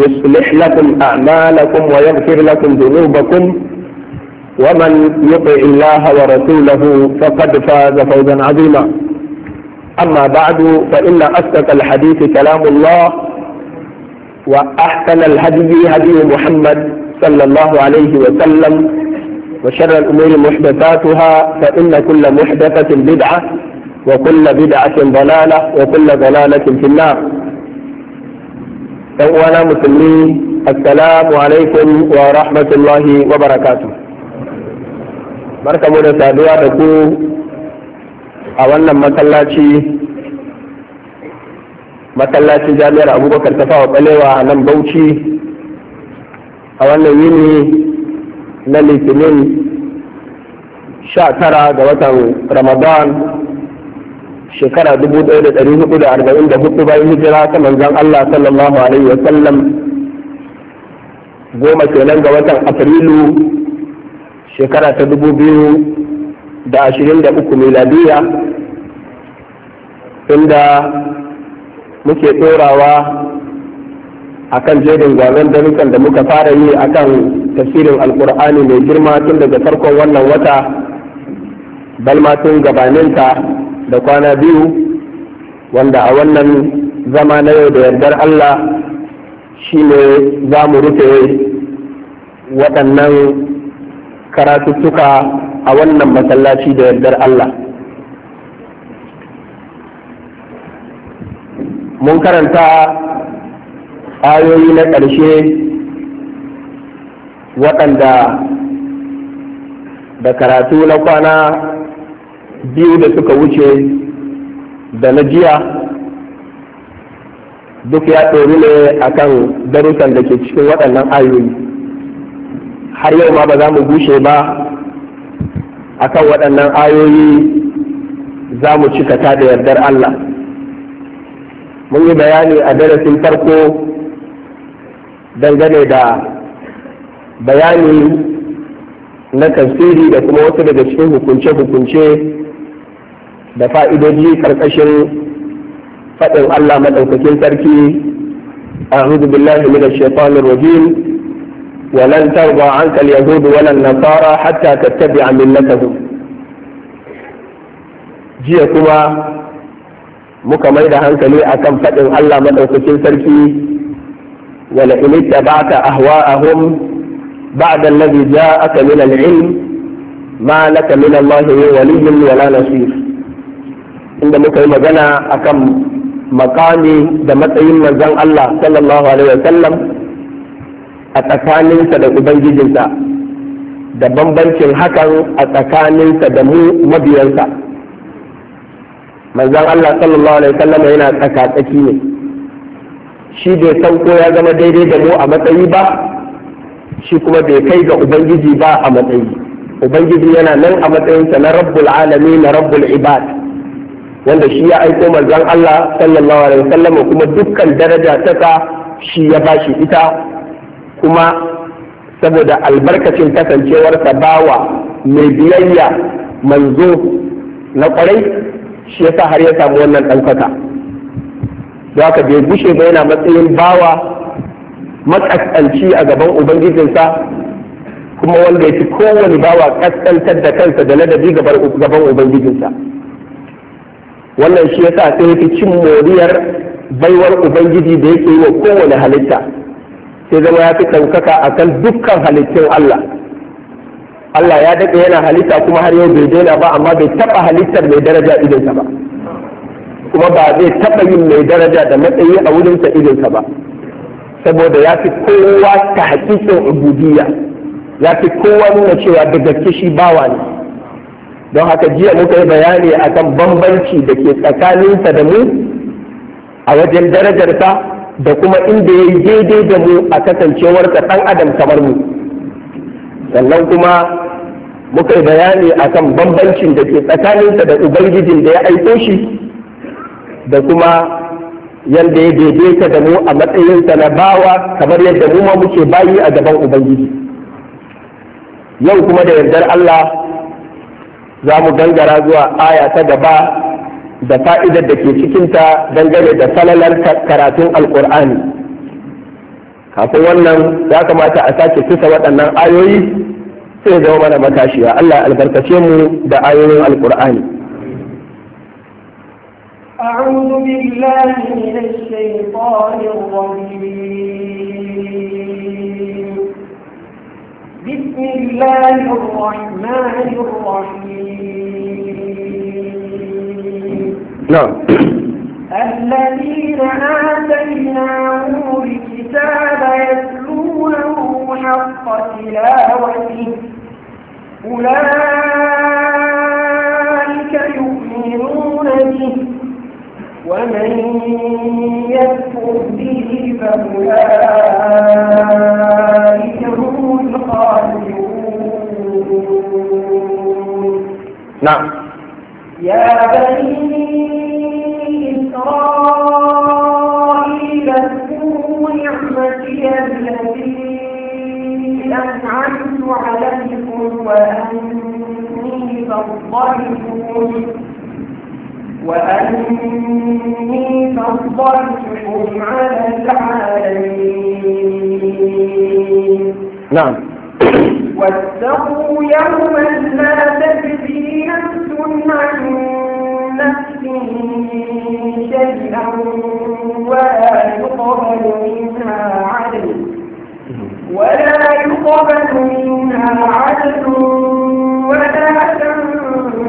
يصلح لكم أعمالكم ويغفر لكم ذنوبكم ومن يطع الله ورسوله فقد فاز فوزا عظيما أما بعد فإن أصدق الحديث كلام الله وأحسن الهدي هدي محمد صلى الله عليه وسلم وشر الأمور محدثاتها فإن كل محدثة بدعة وكل بدعة ضلالة وكل ضلالة في النار ɗan uwana musulmi assalamu alaikum wa rahmatullahi wa barakatu barkamu da saduwa da ku a wannan masallaci jami'ar abubakar ta fawa balewa a nan bauchi a wannan yini na litinin sha tara ga watan ramadan shekara dubu ɗaya da ɗari hudu da arba'in da hudu bayan hijira ta manzan Allah sallallahu alaihi wa sallam goma kenan ga watan afrilu shekara ta dubu biyu da ashirin da uku miladiya inda muke ɗorawa a kan jerin gwanon darukan da muka fara yi a kan tafsirin alkur'ani mai girma tun daga farkon wannan wata balmatun tun gabaninta da kwana biyu wanda a wannan zama na yau da yardar Allah shi ne za mu rufe waɗannan karatuttuka a wannan masallaci da yardar Allah mun karanta ayoyi na ƙarshe waɗanda da karatu na kwana biyu da suka wuce da na jiya duk ya ɗori ne akan darussan da ke cikin waɗannan ayoyi har yau ma ba za mu gushe ba a kan waɗannan ayoyi za mu cika ta da yardar Allah mun yi bayani a darasin farko dangane da bayani na tafsiri da kuma wasu daga cikin hukunce-hukunce da fa’idodi karkashin faɗin Allah maɗaukakin sarki billahi أعوذ بالله من الشيطان الرجيم ولن ترضى عنك اليهود ولا النصارى حتى تتبع millatahu jiya kuma muka mai da hankali akan faɗin Allah maɗaukakin sarki wala in ittaba'ta ahwa'ahum ba'da alladhi ja'aka min al-ilm ma laka min Allah min waliyyin wala nasir inda muka yi magana akan makami da matsayin manzon Allah sallallahu alaihi wa sallam a tsakaninsa da ubangijinsa da bambancin hakan a tsakaninsa da mu mabiyansa manzon Allah sallallahu alaihi wa sallam yana tsakatsaki ne shi bai sauko ya zama daidai da mu a matsayi ba shi kuma bai kai ga ubangiji ba a matsayi ubangiji yana nan a matsayinsa na rabbul alami na rabbul ibad wanda shi ya aiko manzon Allah sallallahu alaihi wasallam kuma dukkan daraja ta shi ya bashi ita kuma saboda albarkacin kasancewarsa bawa mai biyayya manzo na kwarai shi yasa har ya samu wannan ɗaukaka da haka bai gushe ba yana matsayin bawa maƙas'anci a gaban ubangijinsa kuma wanda ya fi kowane bawa kaskantar da kansa da ladabi gaban ubangijinsa wannan shi yasa sai fi cin moriyar baiwar ubangiji da yake yi wa kowane halitta sai zama ya fi ɗaukaka kan dukkan halittun Allah Allah ya daɗe yana halitta kuma har yau bai daina ba amma bai taɓa halittar mai daraja idonsa ba kuma ba zai taɓa yin mai daraja da matsayi a wurinsa idonsa ba saboda ya fi kowa ta hakikin ubudiyya ya fi kowa nuna cewa da gaske shi bawa ne don haka jiya muka yi bayani a kan bambanci da ke tsakaninsa da mu a wajen darajarsa da kuma inda ya yi daidai da mu a kasancewarsa ɗan adam kamar mu sannan kuma muka yi bayani a kan bambancin da ke tsakaninsa da ubangijin da ya aiko shi da kuma yadda ya daidaita da mu a matsayinsa na bawa kamar yadda mu ma muke bayi a gaban ubangiji yau kuma da yardar Allah za mu gangara zuwa aya ta gaba da fa'idar da ke cikinta dangane da falalar karatun alkur'ani kafin wannan ya kamata a sake kusa waɗannan ayoyi sai zama mana matashiya allah albarkace mu da ayoyin alkur'ani أعوذ بالله من الشيطان الرجيم بسم الله الرحمن الرحيم نعم الذين آتيناهم الكتاب يتلونه حق تلاوته أولئك يؤمنون به ومن يكفر به فأولئك هم الخاسرون نعم يا بني إسرائيل اذكروا نعمتي التي أنعمت عليكم وأني فضلتكم وأني فضلتكم على العالمين نعم واتقوا يوما لا تجزي نفس عن نفس شيئا ولا يقبل منها عدل ولا يقبل منها عدل ولا تنفع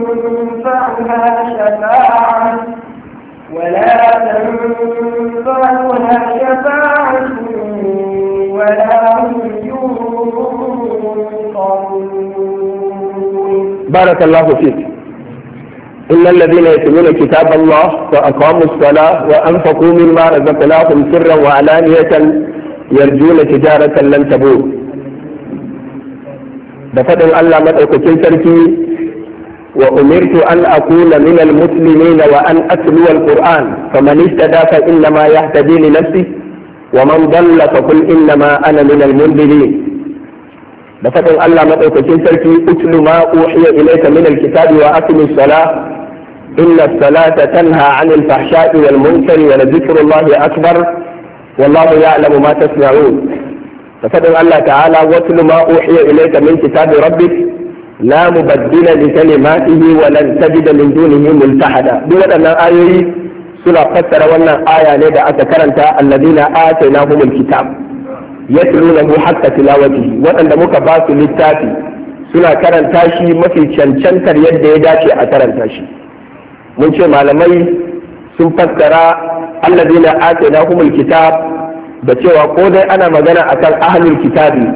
تنفعها شفاعة ولا تنفعها شفاعة ولا بارك الله فيك إن الذين يتمون كتاب الله وأقاموا الصلاة وأنفقوا مما رزقناهم سرا وعلانية يرجون تجارة لن تبور بفضل الله ما تركي وأمرت أن أكون من المسلمين وأن أتلو القرآن فمن اهتدى فإنما يهتدي لنفسه ومن ضل فقل إنما أنا من المنذرين بفضل الله متوكسين تركي أتل ما أوحي إليك من الكتاب وأقم الصلاة إن الصلاة تنهى عن الفحشاء والمنكر ولذكر الله أكبر والله يعلم ما تسمعون بفضل الله تعالى واتل ما أوحي إليك من كتاب ربك la mubaddila li kalimatihi wa lan tajida min dunihi multahada duk waɗannan ayoyi suna fassara wannan aya ne da aka karanta alladina atainahum alkitab yatlunahu hatta tilawatihi waɗanda muka ba su littafi suna karanta shi mafi cancantar yadda ya dace a karanta shi mun ce malamai sun fassara alladina atainahum alkitab da cewa ko dai ana magana akan ahlul kitabi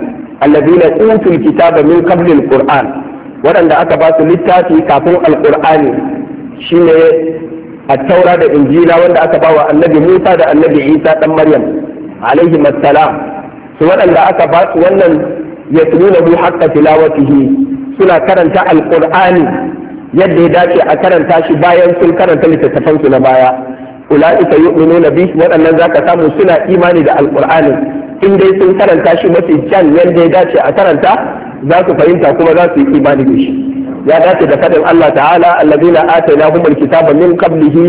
alladina utul kitaba min qabli alquran waɗanda aka ba su littafi kafin alƙur'ani shine taura da injila wanda aka ba wa annabi musa da annabi isa ɗan maryam alaihi assalam su waɗanda aka ba su wannan ya tununa mu haƙƙa tilawatihi suna karanta alƙur'ani yadda ya dace a karanta shi bayan sun karanta littattafansu na baya ula'ika yu'minuna bi waɗannan zaka samu suna imani da alƙur'ani in dai sun karanta shi mafi kyan yadda ya dace a karanta za su fahimta kuma za su yi imani da shi ya dace da fadin Allah ta'ala allazina atainahum alkitaba min qablihi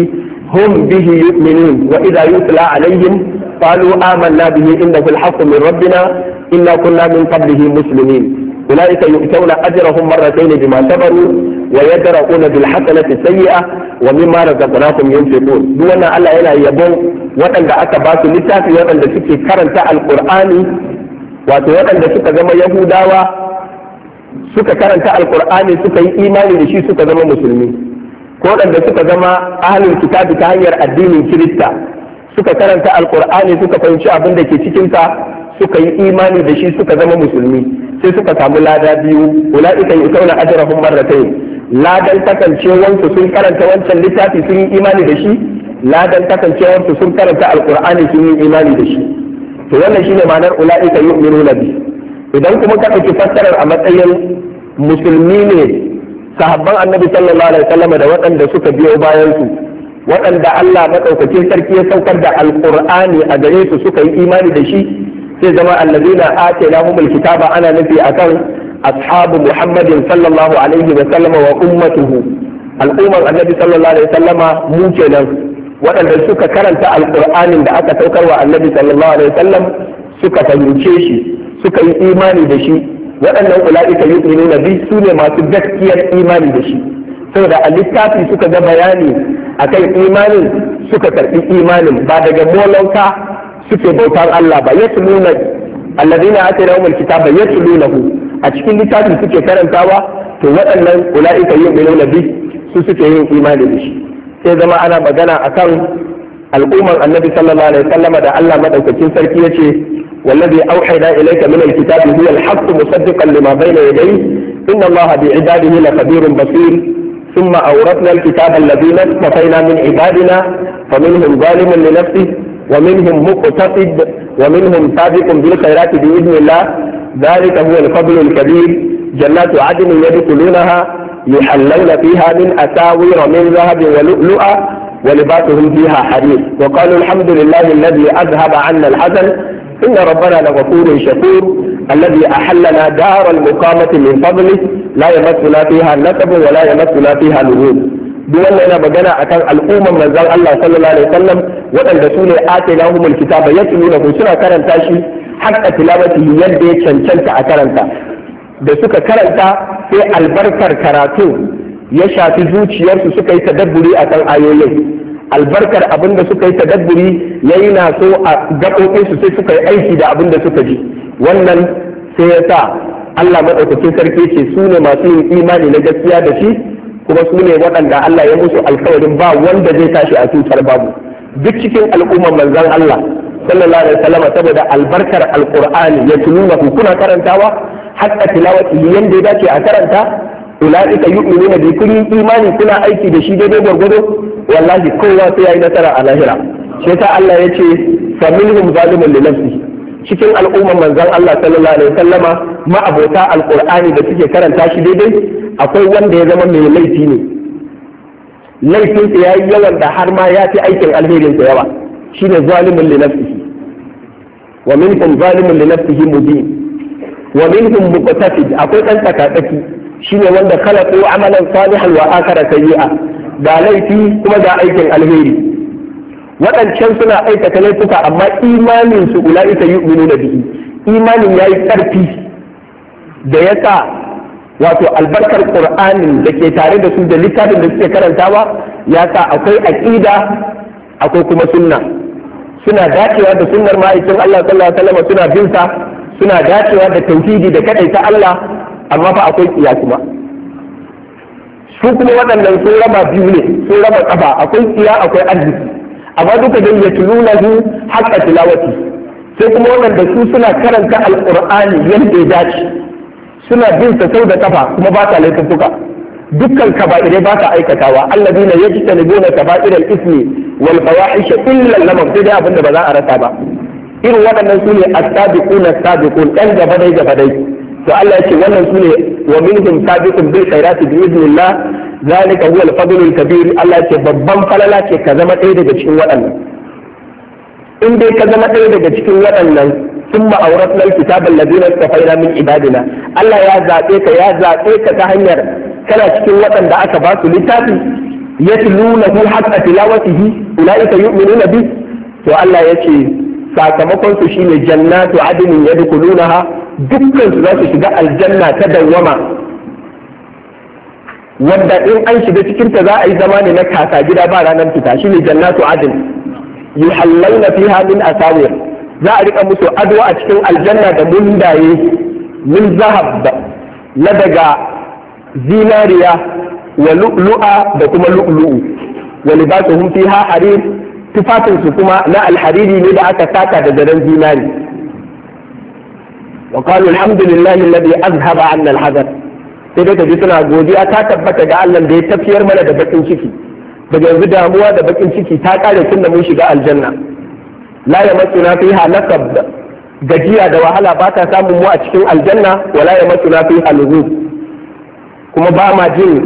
hum bihi yu'minun wa idha yutla alaihim qalu amanna bihi innahu alhaqqu min rabbina inna kunna min qablihi muslimin أولئك يؤتون أجرهم مرتين بما صبروا ويدرؤون بالحسنة السيئة ومما رزقناهم ينفقون دون ألا إلا يبون وأن دعك باس لتاك وأن دعك كرنت القرآن wato waɗanda suka zama yahudawa suka karanta alkur'ani suka yi imani da shi suka zama musulmi ko waɗanda suka zama ahalin kitabi ta hanyar addinin kirista suka karanta alkur'ani suka fahimci abin da ke cikinsa suka yi imani da shi suka zama musulmi sai suka samu lada biyu ula'ika yukauna ajrahum marratayn ladan kasancewansu sun karanta wancan littafi sun yi imani da shi ladan kasancewansu sun karanta alkur'ani sun yi imani da shi to wannan shine ma'anar ula'ika yu'minuna bihi idan kuma ka ɗauki fassarar a matsayin musulmi ne sahabban annabi sallallahu alaihi wasallam da waɗanda suka biyo bayan su waɗanda Allah madaukakin sarki ya saukar da alqur'ani a gare su suka yi imani da shi sai zama allazina atainahumul kitaba ana nufi akan ashabu muhammadin sallallahu alaihi wasallam wa ummatuhu al'ummar annabi sallallahu alaihi wasallama mu kenan waɗanda suka karanta alqur'anin da aka saukar wa annabi sallallahu alaihi wasallam suka fahimce shi suka yi imani da shi waɗannan ula'ika na bi su ne masu gaskiyar imani da shi saboda a littafi suka ga bayani akan imanin suka karbi imanin ba daga molonka suke bautar Allah ba ake yatluna ba yasu nuna hu a cikin littafi suke karantawa to waɗannan ula'ika na bi su suke yin imani da shi sai zama ana magana akan al'umman annabi sallallahu alaihi wasallam da Allah madaukakin sarki yace wallazi auhayna ilayka min alkitabi huwa alhaqqu musaddiqan lima bayna yadayhi inna allaha bi'ibadihi lakabirun basir ثم أورثنا الكتاب الذين اصطفينا من عبادنا فمنهم ظالم لنفسه ومنهم مقتصد ومنهم سابق بالخيرات بإذن الله ذلك هو الفضل الكبير جنات عدن يدخلونها يحلون فيها من أساور من ذهب ولؤلؤا ولباسهم فيها حرير وقالوا الحمد لله الذي أذهب عنا الحزن إن ربنا لغفور شكور الذي أحلنا دار المقامة من فضله لا يمسنا فيها نسب ولا يمسنا فيها لغوب duk wannan yana magana akan al'umman manzon Allah sallallahu alaihi wasallam waɗanda su ne atainahum ba yatlunahu suna karanta shi hakka tilawati yadda ya cancanta a karanta da suka karanta sai albarkar karatu ya shafi zuciyarsu suka yi tadabburi kan ayoyin albarkar abin da suka yi tadabburi yayi na so a gaɓoɓinsu sai suka yi aiki da abin da suka ji wannan sai ya sa Allah maɗaukakin sarki ce su ne masu yin imani na gaskiya da shi kuma su ne waɗanda Allah ya musu alkawarin ba wanda zai tashi a cutar babu duk cikin al'ummar manzan Allah sallallahu alaihi wasallam saboda albarkar alqur'ani ya tununa kuna karantawa hatta tilawati yanda ya dace a karanta ulaika yu'minuna bi kun imani kuna aiki da shi daidai gwargwado wallahi kowa sai yayi nasara a lahira sai ta Allah yace faminhum zalimun li nafsi cikin al'umman manzon Allah sallallahu alaihi wasallama ma'abota alqur'ani da suke karanta shi daidai akwai wanda ya zama mai laifi ne laifin sa yayi yawan da har ma ya fi aikin alherin sa yawa shine zalimun li nafsi wa minkum zalimun li nafsihi mubin wa minhum muqtasid akwai dan tsakatsaki shine wanda khalaqu amalan salihan wa akhara sayyi'a da laifi kuma da aikin alheri waɗancan suna aikata laifuka amma imanin su ula'ika yu'minuna bihi imanin yayi karfi da yasa wato albarkar qur'anin da ke tare da su da littafin da suke karantawa ya sa akwai aqida akwai kuma sunna suna dacewa da sunnar ma'aikin Allah sallallahu alaihi wasallam suna bin suna dacewa da tauhidi da kadaita Allah amma fa akwai tsiya kuma su kuma waɗannan sun raba biyu ne sun raba kafa akwai tsiya akwai arziki amma duka dai ya tuluna su haƙƙa tilawati sai kuma waɗanda su suna karanta alƙur'ani yadda ya dace suna bin ta sau da kafa kuma ba sa laifuka dukkan kaba'irai ba sa aikatawa alladina yajtanibuna kaba'iral ismi wal fawahisha illa lamam sai dai abinda ba za a rasa ba irin waɗannan su ne as-sabiquna as-sabiqun ɗan gaba dai gaba dai to Allah yake wannan sune wa minhum sabiqun bil khairati bi idnillah zalika huwa al fadl al kabir Allah yake babban falala ce ka zama ɗaya daga cikin waɗannan in dai ka zama ɗaya daga cikin waɗannan ثم أورثنا الكتاب الذين Allah ya عبادنا الله ya ذاتيك يا ta hanyar kana cikin waɗanda aka ba su littafi yatlunahu haqqa tilawatihi ulaika yu'minuna bi to Allah yace sakamakon su shine jannatu adnin yadkhulunaha dukkan za su shiga aljanna ta dawwama wanda in an shiga cikin ta za a yi zama ne na kasa gida ba ranar fita shine jannatu adin yuhallawna fiha min asawir za a rika musu ado a cikin aljanna da mundaye min zahab na daga zinariya wa lu'lu'a da kuma lu'lu'u wa libasuhum fiha harir tufafin su kuma na alhariri ne da aka saka da daren zinari wa qalu alhamdulillahi alladhi azhaba 'anna al-hazan sai dai kaji suna godiya ta tabbata ga Allah da ya tafiyar mana da bakin ciki daga yanzu damuwa da bakin ciki ta kare tun da mun shiga aljanna la na fiha nasab gajiya da wahala ba ta samun mu a cikin aljanna wala na fiha lughub kuma ba ma jin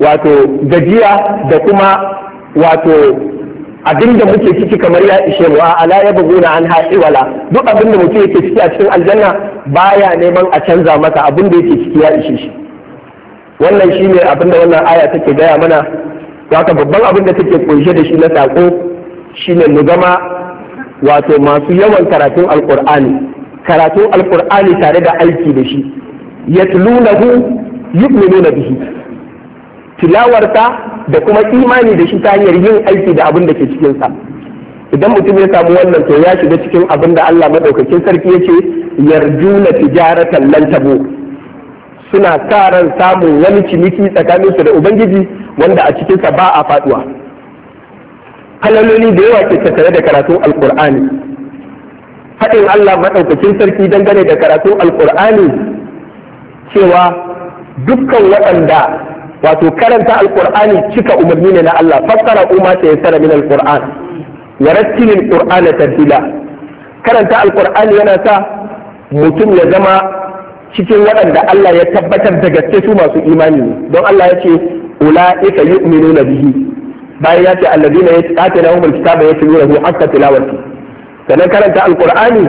wato gajiya da kuma wato abinda muke ciki kamar ya ishe mu ala ya na an haɗi wala duk abinda mutum yake ciki a cikin aljanna baya neman a canza masa abinda yake ciki ya ishe shi wannan abin da wannan aya take gaya mana haka babban abin da take kunshe da shi na sako shine mu zama wato masu yawan karatun Alƙur'ani. karatun Alƙur'ani tare da aiki da shi yatlunahu yu'minuna bihi tilawarta da kuma imani da shi ta hanyar yin aiki da abin da ke cikinsa idan mutum ya samu wannan to ya shiga cikin abin da Allah madaukakin sarki ya ce yarjuna tijaratan lan tabu suna sa ran samun wani ciniki tsakanin su da ubangiji wanda a cikinsa ba a faduwa halaloli da yawa ke tattare da karatun alkur'ani haɗin Allah maɗaukakin sarki dangane da karatun alkur'ani cewa dukkan waɗanda wato karanta alqur'ani cika umarni ne na Allah fassara umma ta yassara min alqur'an wa rattilil qur'ana tartila karanta alqur'ani yana sa mutum ya zama cikin waɗanda Allah ya tabbatar da gaske su masu imani don Allah ya ce ula'ika yu'minuna bihi bayan ya ce alladina yatatuna humul kitaba yatluna hatta tilawati sannan karanta alqur'ani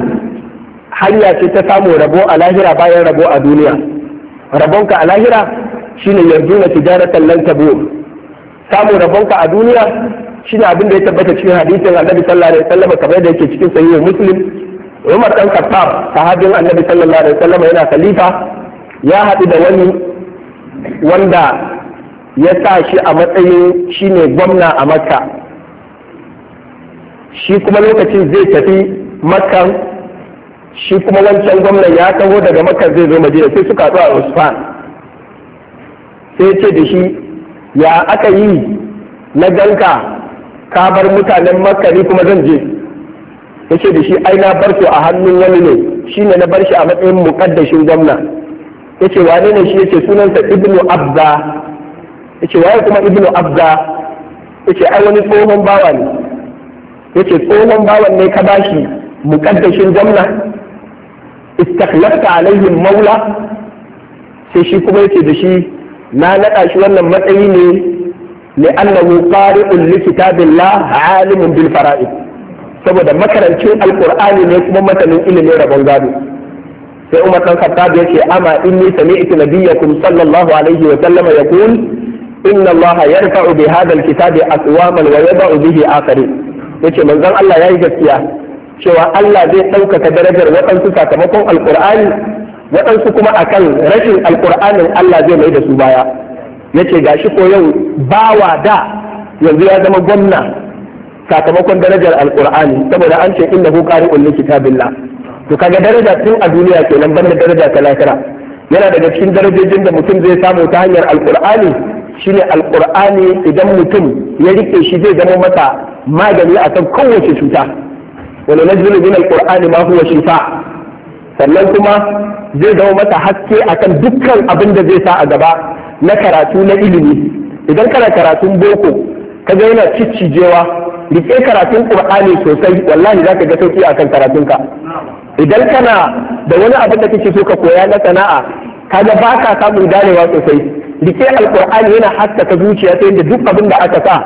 hanya ce ta samu rabo a lahira bayan rabo a duniya rabonka a lahira shine yarjuna tijaratan lan tabur samu rabonka a duniya shine abin da ya tabbata cikin hadisin annabi sallallahu alaihi wasallam kamar da yake cikin sahih muslim Umar dan Khattab sahabin annabi sallallahu alaihi wasallam yana khalifa ya haɗu da wani wanda ya sa shi a matsayin shine gwamna a Makka shi kuma lokacin zai tafi Makka shi kuma wancan gwamnan ya taho daga Makka zai zo Madina sai suka haɗu a Usman sai ce da shi ya aka yi na ganka ka bar mutanen makka ni kuma zan je ya ce da shi ai na bar a hannun wani ne ne na bar shi a matsayin mukaddashin gwamna ya ce wane ne shi ya ce sunansa ibnu abza ya ce waye kuma ibnu abza ya ce ai wani tsohon bawa ne ce tsohon bawan ne ka bashi mukaddashin gwamna istakhlafta alaihim maula sai shi kuma ce da shi na naɗa shi wannan matsayi ne li'annahu qari'un li kitabillah alimun bil fara'id saboda makarancin alqur'ani ne kuma masanin ilimin rabon gado sai Umar dan Khattab ya ce amma inni sami'tu nabiyyakum sallallahu alaihi wa sallama yaqul inna Allah yarfa'u bi hadha al aqwaman wa yad'u bihi akharin yace manzon Allah yayi gaskiya cewa Allah zai ɗaukaka darajar waɗansu sakamakon alqur'ani waɗansu kuma a kan rashin alƙur'anin Allah zai mai da su baya yace gashi ko yau bawa da yanzu ya zama gwamna sakamakon darajar alƙur'ani saboda an ce innahu qari'un li kitabillah to kaga daraja tun a duniya kenan banda daraja ta lahira yana daga cikin darajojin da mutum zai samu ta hanyar alƙur'ani shine alƙur'ani idan mutum ya rike shi zai zama masa magani akan kowace cuta wani nazilu min alƙur'ani ma huwa shifa sannan kuma zai zama masa haske akan dukkan abin da zai sa a gaba na karatu na ilimi idan kana karatun boko ka ga yana ciccijewa rike karatun qur'ani sosai wallahi zaka ga sauki akan karatunka idan kana da wani abin da kake so ka koya na sana'a kaga ba ka samun ganewa sosai rike alqur'ani yana haskaka zuciya ta yadda duk abin da aka sa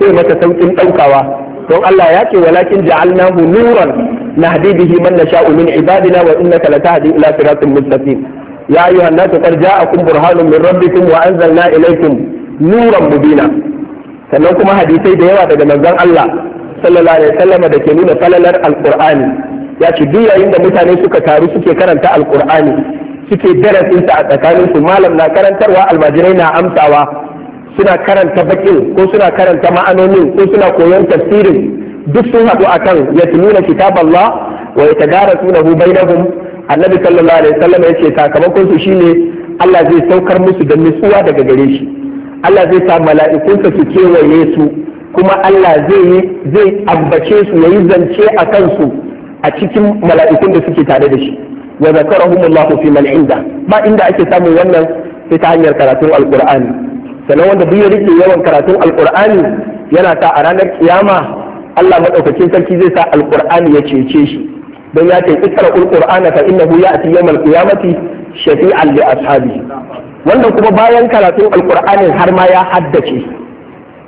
sai mata saukin daukawa don Allah ya ce walakin ja'alnahu nuran na به من نشاء من عبادنا وإنك لتهدي إلى صراط مستقيم يا أيها الناس قد جاءكم برهان من ربكم وأنزلنا إليكم نورا مبينا sannan kuma hadisai da yawa daga manzon Allah sallallahu alaihi da ke nuna falalar alqur'ani ya ce duk yayin da mutane suka taru suke karanta alqur'ani suke darasinsa a tsakanin su malam na karantarwa almajirai na amsawa suna karanta baƙin, ko suna karanta ma'anonin ko suna koyon tafsirin duk sun haɗu akan yatluna kitaballah wa yatadarasunahu bainahum annabi sallallahu alaihi wasallam ce sakamakon su shine Allah zai saukar musu da nutsuwa daga gare shi Allah zai sa mala'ikunsa su kewaye su kuma Allah zai zai ambace su yayi zance a kansu a cikin mala'ikun da suke tare da shi wa zakarahumullahu fi man inda ba inda ake samun wannan sai ta hanyar karatun alqur'ani sannan wanda duk ya rike yawan karatun alqur'ani yana ta a ranar kiyama Allah maɗaukacin sarki zai sa alƙur'ani ya cece shi don ya ce ikra alqur'ana fa innahu ya'ti yawmal qiyamati shafi'an li ashabi wannan kuma bayan karatun alqur'ani har ma ya haddace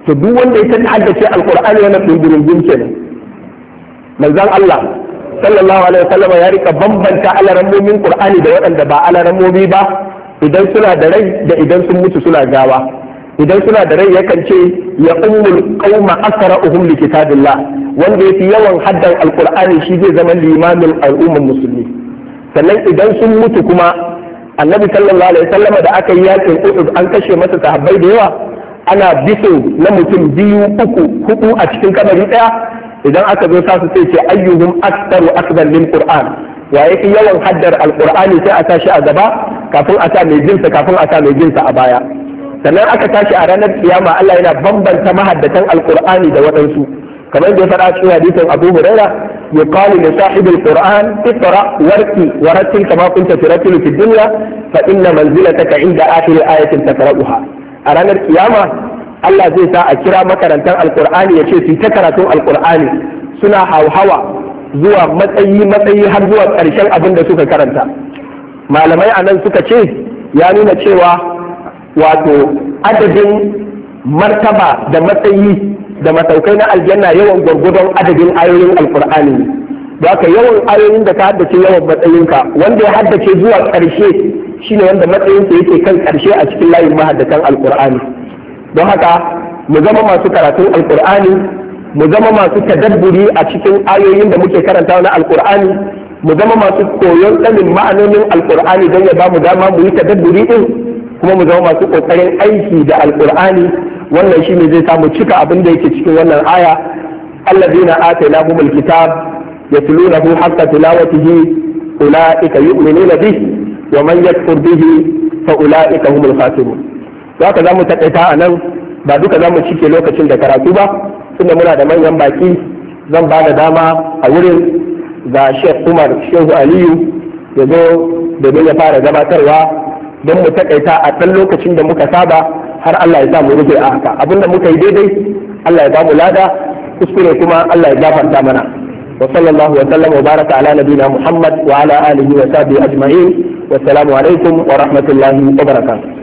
to duk wanda ya haddace alqur'ani yana dindindin kenan manzon Allah sallallahu alaihi wasallam ya rika bambanta alarammomin qur'ani da waɗanda ba alarammomi ba idan suna da rai da idan sun mutu suna gawa idan suna da rai yakan ce ya kauma qauma asra'uhum li kitabillah wanda yafi yawan haddan alqur'ani shi zai zama limamin al'ummar musulmi sannan idan sun mutu kuma annabi sallallahu alaihi wasallama da aka yi yakin uhud an kashe masa sahabbai da yawa ana biso na mutum biyu uku hudu a cikin kabari daya idan aka zo sa su sai ce ayyuhum aktaru akbar lil qur'an wa yafi yawan haddar alqur'ani sai a shi a gaba kafin a sa mai jinsa kafin a sa mai jinsa a baya sannan aka tashi a ranar kiyama Allah yana bambanta mahaddatan alqur'ani da waɗansu kamar da ya faɗa cikin hadisin Abu Huraira yuqalu li sahibil qur'an iqra warqi wa rattil kama kunta turattilu fid dunya fa inna manzilataka inda akhir ayatin taqra'uha a ranar kiyama Allah zai sa a kira makarantar alqur'ani ya ce su ta karatun alqur'ani suna hauhawa zuwa matsayi matsayi har zuwa ƙarshen abin da suka karanta malamai a nan suka ce ya nuna cewa wato adadin martaba da matsayi da masaukai na aljanna yawan gwargwadon adadin ayoyin alkur'ani da ka yawan ayoyin da ka haddace yawan matsayinka wanda ya haddace zuwa ƙarshe shine wanda matsayinsa yake kan ƙarshe a cikin layin mahaddatan alkur'ani don haka mu zama masu karatun alkur'ani mu zama masu tadabburi a cikin ayoyin da muke karanta na alkur'ani mu zama masu koyon tsanin ma'anonin alkur'ani don ya ba mu dama mu yi tadabburi din kuma mu zama masu kokarin aiki da alkur'ani wannan shi ne zai samu cika abin da yake cikin wannan aya allazina atainahumul kitab yatlunahu haqqa tilawatihi ulaika yu'minuna bihi wa man yakfur bihi fa ulaika humul khasirun haka zamu takaita anan ba duka zamu cike lokacin da karatu ba tunda muna da manyan baki zan ba da dama a wurin ga Sheikh Umar Shehu Aliyu ya zo domin ya fara gabatarwa don mu takaita a ɗan lokacin da muka saba har Allah ya samu mu rufe a haka abinda muka yi daidai Allah ya ba mu lada kuskure kuma Allah ya gafarta mana wa sallallahu wa sallam wa baraka ala nabina Muhammad wa ala alihi wa sahbihi ajma'in wa assalamu alaikum wa rahmatullahi wa barakatuh